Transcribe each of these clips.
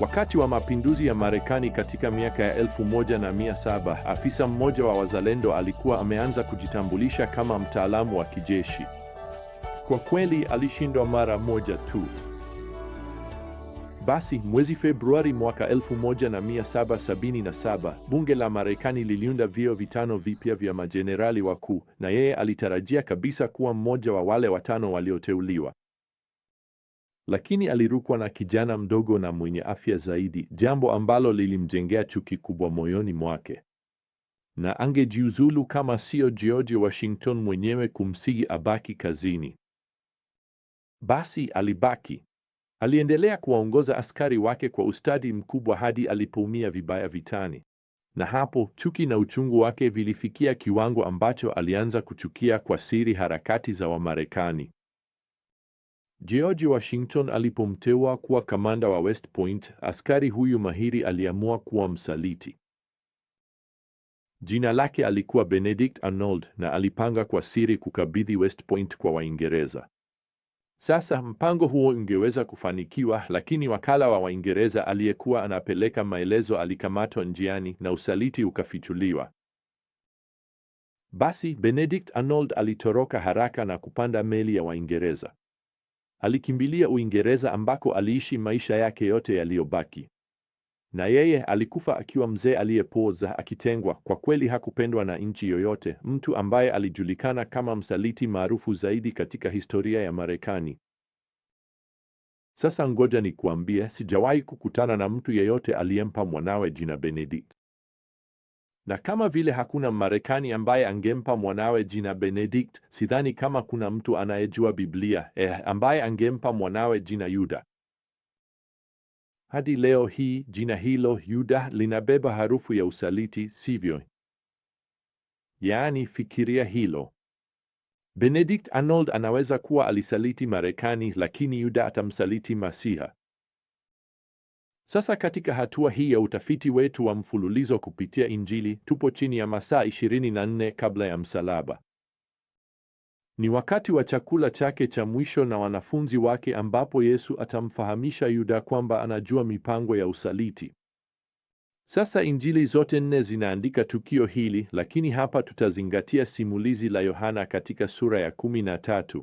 Wakati wa mapinduzi ya Marekani katika miaka ya elfu moja na mia saba, afisa mmoja wa wazalendo alikuwa ameanza kujitambulisha kama mtaalamu wa kijeshi. Kwa kweli alishindwa mara moja tu. Basi mwezi Februari mwaka 1777 bunge la Marekani liliunda vio vitano vipya vya majenerali wakuu, na yeye alitarajia kabisa kuwa mmoja wa wale watano walioteuliwa lakini alirukwa na kijana mdogo na mwenye afya zaidi, jambo ambalo lilimjengea chuki kubwa moyoni mwake, na angejiuzulu kama sio George Washington mwenyewe kumsihi abaki kazini. Basi alibaki. Aliendelea kuwaongoza askari wake kwa ustadi mkubwa hadi alipoumia vibaya vitani, na hapo chuki na uchungu wake vilifikia kiwango ambacho alianza kuchukia kwa siri harakati za Wamarekani. George Washington alipomteua kuwa kamanda wa West Point, askari huyu mahiri aliamua kuwa msaliti. Jina lake alikuwa Benedict Arnold na alipanga kwa siri kukabidhi West Point kwa Waingereza. Sasa mpango huo ungeweza kufanikiwa, lakini wakala wa Waingereza aliyekuwa anapeleka maelezo alikamatwa njiani na usaliti ukafichuliwa. Basi Benedict Arnold alitoroka haraka na kupanda meli ya Waingereza. Alikimbilia Uingereza ambako aliishi maisha yake yote yaliyobaki. Na yeye alikufa akiwa mzee aliyepooza, akitengwa. Kwa kweli hakupendwa na nchi yoyote, mtu ambaye alijulikana kama msaliti maarufu zaidi katika historia ya Marekani. Sasa ngoja nikuambie, sijawahi kukutana na mtu yeyote aliyempa mwanawe jina Benedict. Na kama vile hakuna marekani ambaye angempa mwanawe jina Benedict, sidhani kama kuna mtu anayejua Biblia eh, ambaye angempa mwanawe jina Yuda. Hadi leo hii jina hilo Yuda linabeba harufu ya usaliti, sivyo? Yaani, fikiria hilo. Benedict Arnold anaweza kuwa alisaliti Marekani, lakini Yuda atamsaliti Masiha. Sasa katika hatua hii ya utafiti wetu wa mfululizo kupitia Injili, tupo chini ya masaa 24 kabla ya msalaba. Ni wakati wa chakula chake cha mwisho na wanafunzi wake ambapo Yesu atamfahamisha Yuda kwamba anajua mipango ya usaliti. Sasa Injili zote nne zinaandika tukio hili, lakini hapa tutazingatia simulizi la Yohana katika sura ya 13.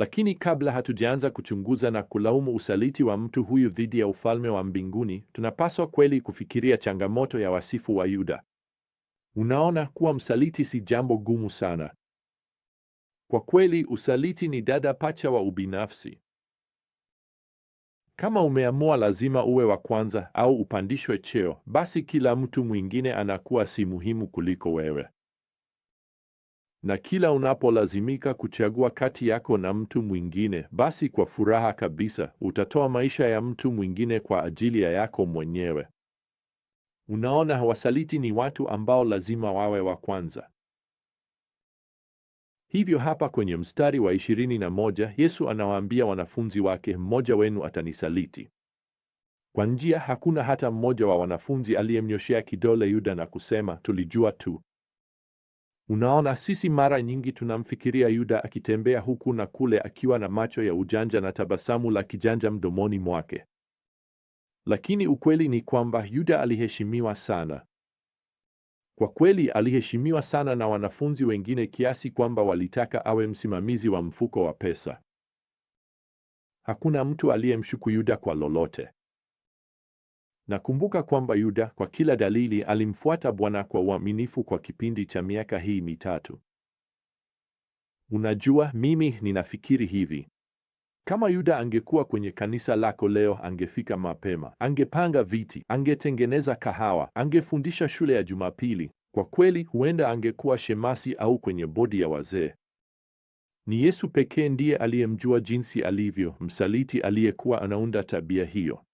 Lakini kabla hatujaanza kuchunguza na kulaumu usaliti wa mtu huyu dhidi ya ufalme wa mbinguni, tunapaswa kweli kufikiria changamoto ya wasifu wa Yuda. Unaona kuwa msaliti si jambo gumu sana. Kwa kweli, usaliti ni dada pacha wa ubinafsi. Kama umeamua lazima uwe wa kwanza au upandishwe cheo, basi kila mtu mwingine anakuwa si muhimu kuliko wewe na kila unapolazimika kuchagua kati yako na mtu mwingine, basi kwa furaha kabisa utatoa maisha ya mtu mwingine kwa ajili ya yako mwenyewe. Unaona, wasaliti ni watu ambao lazima wawe wa kwanza. Hivyo hapa kwenye mstari wa ishirini na moja Yesu anawaambia wanafunzi wake, mmoja wenu atanisaliti. Kwa njia, hakuna hata mmoja wa wanafunzi aliyemnyoshea kidole Yuda na kusema tulijua tu. Unaona, sisi mara nyingi tunamfikiria Yuda akitembea huku na kule akiwa na macho ya ujanja na tabasamu la kijanja mdomoni mwake, lakini ukweli ni kwamba Yuda aliheshimiwa sana. Kwa kweli, aliheshimiwa sana na wanafunzi wengine kiasi kwamba walitaka awe msimamizi wa mfuko wa pesa. Hakuna mtu aliyemshuku Yuda kwa lolote. Nakumbuka kwamba Yuda kwa kila dalili alimfuata Bwana kwa uaminifu kwa kipindi cha miaka hii mitatu. Unajua, mimi ninafikiri hivi. Kama Yuda angekuwa kwenye kanisa lako leo, angefika mapema, angepanga viti, angetengeneza kahawa, angefundisha shule ya Jumapili. Kwa kweli, huenda angekuwa shemasi au kwenye bodi ya wazee. Ni Yesu pekee ndiye aliyemjua jinsi alivyo, msaliti aliyekuwa anaunda tabia hiyo.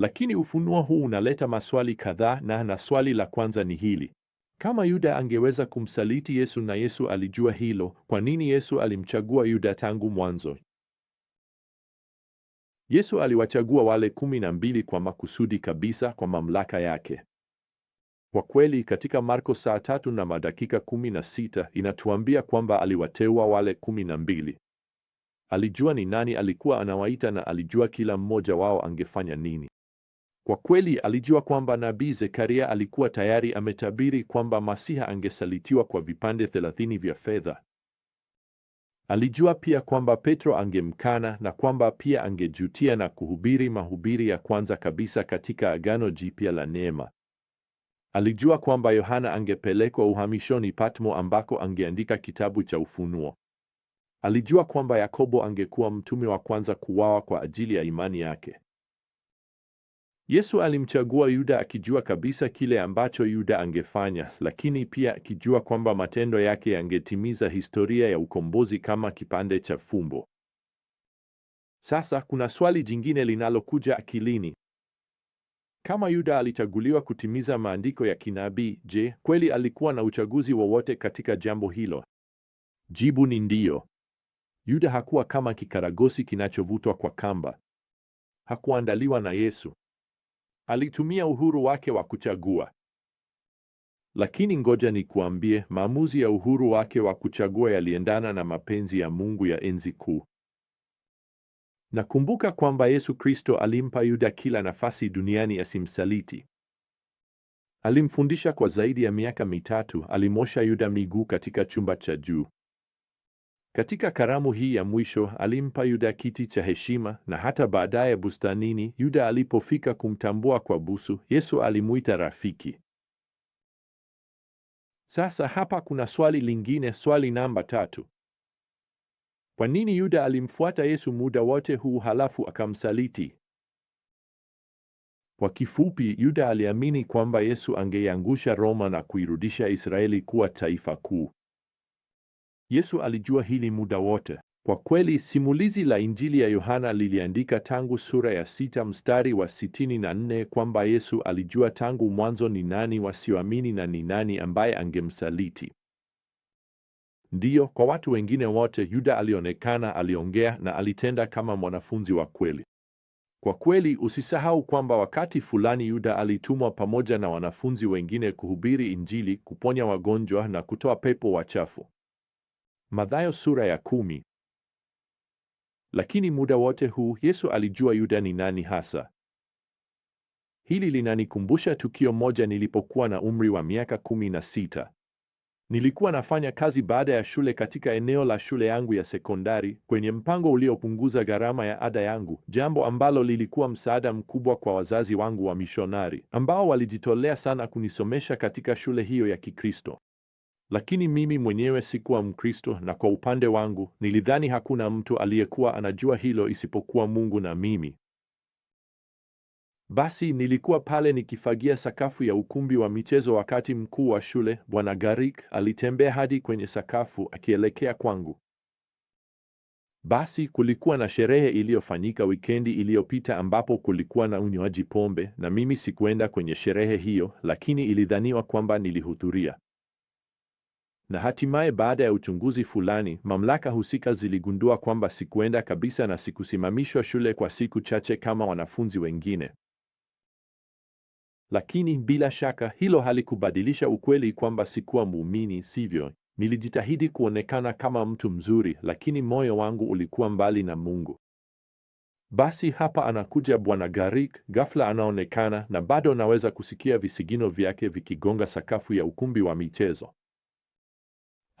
Lakini ufunuo huu unaleta maswali kadhaa, na na swali la kwanza ni hili: kama Yuda angeweza kumsaliti Yesu na Yesu alijua hilo, kwa nini Yesu alimchagua Yuda tangu mwanzo? Yesu aliwachagua wale kumi na mbili kwa makusudi kabisa, kwa mamlaka yake. Kwa kweli katika Marko saa tatu na madakika kumi na sita inatuambia kwamba aliwateua wale kumi na mbili. Alijua ni nani alikuwa anawaita na alijua kila mmoja wao angefanya nini. Kwa kweli alijua kwamba nabii Zekaria alikuwa tayari ametabiri kwamba Masiha angesalitiwa kwa vipande thelathini vya fedha. Alijua pia kwamba Petro angemkana na kwamba pia angejutia na kuhubiri mahubiri ya kwanza kabisa katika Agano Jipya la neema. Alijua kwamba Yohana angepelekwa uhamishoni Patmo ambako angeandika kitabu cha Ufunuo. Alijua kwamba Yakobo angekuwa mtume wa kwanza kuwawa kwa ajili ya imani yake. Yesu alimchagua Yuda akijua kabisa kile ambacho Yuda angefanya, lakini pia akijua kwamba matendo yake yangetimiza historia ya ukombozi kama kipande cha fumbo. Sasa kuna swali jingine linalokuja akilini. Kama Yuda alichaguliwa kutimiza maandiko ya kinabii, je, kweli alikuwa na uchaguzi wowote katika jambo hilo? Jibu ni ndiyo. Yuda hakuwa kama kikaragosi kinachovutwa kwa kamba. Hakuandaliwa na Yesu alitumia uhuru wake wa kuchagua. Lakini ngoja nikuambie, maamuzi ya uhuru wake wa kuchagua yaliendana na mapenzi ya Mungu ya enzi kuu. Nakumbuka kwamba Yesu Kristo alimpa Yuda kila nafasi duniani asimsaliti. Alimfundisha kwa zaidi ya miaka mitatu, alimosha Yuda miguu katika chumba cha juu. Katika karamu hii ya mwisho alimpa Yuda kiti cha heshima, na hata baadaye bustanini, Yuda alipofika kumtambua kwa busu, Yesu alimuita rafiki. Sasa hapa kuna swali lingine, swali namba tatu: kwa nini Yuda alimfuata Yesu muda wote huu halafu akamsaliti? Kwa kifupi, Yuda aliamini kwamba Yesu angeangusha Roma na kuirudisha Israeli kuwa taifa kuu. Yesu alijua hili muda wote. Kwa kweli, simulizi la Injili ya Yohana liliandika tangu sura ya sita mstari wa sitini na nne kwamba Yesu alijua tangu mwanzo ni nani wasioamini na ni nani ambaye angemsaliti. Ndiyo, kwa watu wengine wote Yuda alionekana, aliongea na alitenda kama mwanafunzi wa kweli. Kwa kweli, usisahau kwamba wakati fulani Yuda alitumwa pamoja na wanafunzi wengine kuhubiri Injili, kuponya wagonjwa na kutoa pepo wachafu. Mathayo sura ya kumi. Lakini muda wote huu Yesu alijua Yuda ni nani hasa. Hili linanikumbusha tukio moja nilipokuwa na umri wa miaka kumi na sita. Nilikuwa nafanya kazi baada ya shule katika eneo la shule yangu ya sekondari kwenye mpango uliopunguza gharama ya ada yangu, jambo ambalo lilikuwa msaada mkubwa kwa wazazi wangu wa mishonari ambao walijitolea sana kunisomesha katika shule hiyo ya Kikristo. Lakini mimi mwenyewe sikuwa Mkristo, na kwa upande wangu nilidhani hakuna mtu aliyekuwa anajua hilo isipokuwa Mungu na mimi. Basi nilikuwa pale nikifagia sakafu ya ukumbi wa michezo wakati mkuu wa shule Bwana Garik alitembea hadi kwenye sakafu akielekea kwangu. Basi kulikuwa na sherehe iliyofanyika wikendi iliyopita ambapo kulikuwa na unywaji pombe, na mimi sikuenda kwenye sherehe hiyo, lakini ilidhaniwa kwamba nilihudhuria. Na hatimaye baada ya uchunguzi fulani, mamlaka husika ziligundua kwamba sikuenda kabisa na sikusimamishwa shule kwa siku chache kama wanafunzi wengine. Lakini bila shaka hilo halikubadilisha ukweli kwamba sikuwa muumini, sivyo? Nilijitahidi kuonekana kama mtu mzuri, lakini moyo wangu ulikuwa mbali na Mungu. Basi hapa anakuja Bwana Garrick, ghafla anaonekana, na bado naweza kusikia visigino vyake vikigonga sakafu ya ukumbi wa michezo.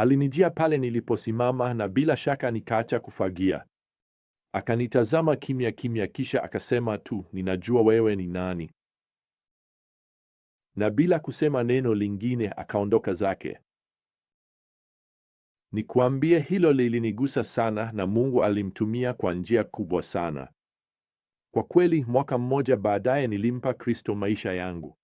Alinijia pale niliposimama na bila shaka nikaacha kufagia. Akanitazama kimya kimya, kisha akasema tu, ninajua wewe ni nani, na bila kusema neno lingine akaondoka zake. Nikuambie, hilo lilinigusa sana, na Mungu alimtumia kwa njia kubwa sana. Kwa kweli, mwaka mmoja baadaye nilimpa Kristo maisha yangu.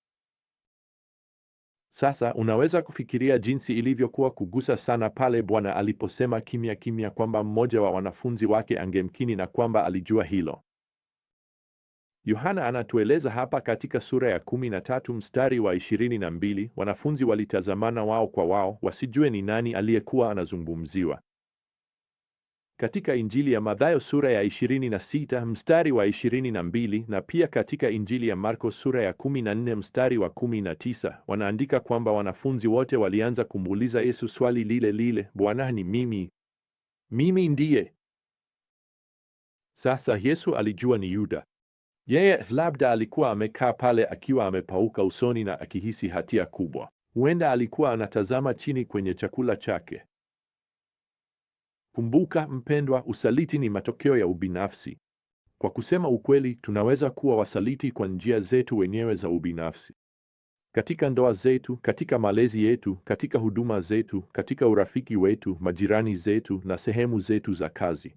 Sasa unaweza kufikiria jinsi ilivyokuwa kugusa sana pale Bwana aliposema kimya kimya kwamba mmoja wa wanafunzi wake angemkini na kwamba alijua hilo. Yohana anatueleza hapa katika sura ya 13 mstari wa 22, wanafunzi walitazamana wao kwa wao wasijue ni nani aliyekuwa anazungumziwa katika Injili ya Mathayo sura ya 26 mstari wa 22 na pia katika Injili ya Marko sura ya 14 mstari wa 19 wanaandika kwamba wanafunzi wote walianza kumuuliza Yesu swali lile lile, Bwana, ni mimi? Mimi ndiye? Sasa Yesu alijua ni Yuda. Yeye labda alikuwa amekaa pale akiwa amepauka usoni na akihisi hatia kubwa. Huenda alikuwa anatazama chini kwenye chakula chake. Kumbuka mpendwa, usaliti ni matokeo ya ubinafsi. Kwa kusema ukweli, tunaweza kuwa wasaliti kwa njia zetu wenyewe za ubinafsi, katika ndoa zetu, katika malezi yetu, katika huduma zetu, katika urafiki wetu, majirani zetu na sehemu zetu za kazi.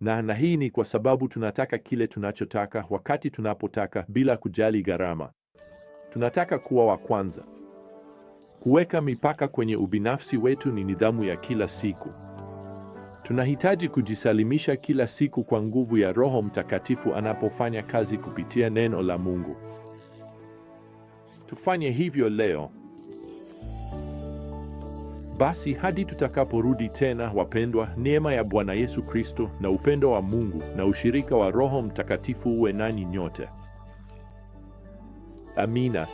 Na na hii ni kwa sababu tunataka kile tunachotaka wakati tunapotaka bila kujali gharama. Tunataka kuwa wa kwanza. Kuweka mipaka kwenye ubinafsi wetu ni nidhamu ya kila siku. Tunahitaji kujisalimisha kila siku kwa nguvu ya Roho Mtakatifu anapofanya kazi kupitia neno la Mungu. Tufanye hivyo leo. Basi hadi tutakaporudi tena, wapendwa, neema ya Bwana Yesu Kristo na upendo wa Mungu na ushirika wa Roho Mtakatifu uwe nanyi nyote. Amina.